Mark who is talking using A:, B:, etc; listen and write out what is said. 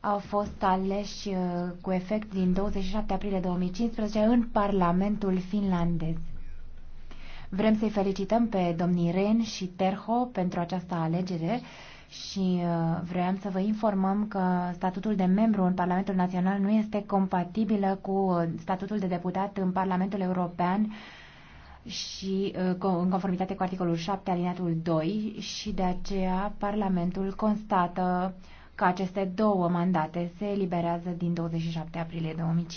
A: au fost aleși uh, cu efect din 27 aprilie 2015 în Parlamentul finlandez. Vrem să-i felicităm pe domnii Ren și Terho pentru această alegere și uh, vreau să vă informăm că statutul de membru în Parlamentul Național nu este compatibilă cu uh, statutul de deputat în Parlamentul European și în conformitate cu articolul 7 alineatul 2 și de aceea Parlamentul constată uh, că aceste două mandate se eliberează din 27 aprilie 2015.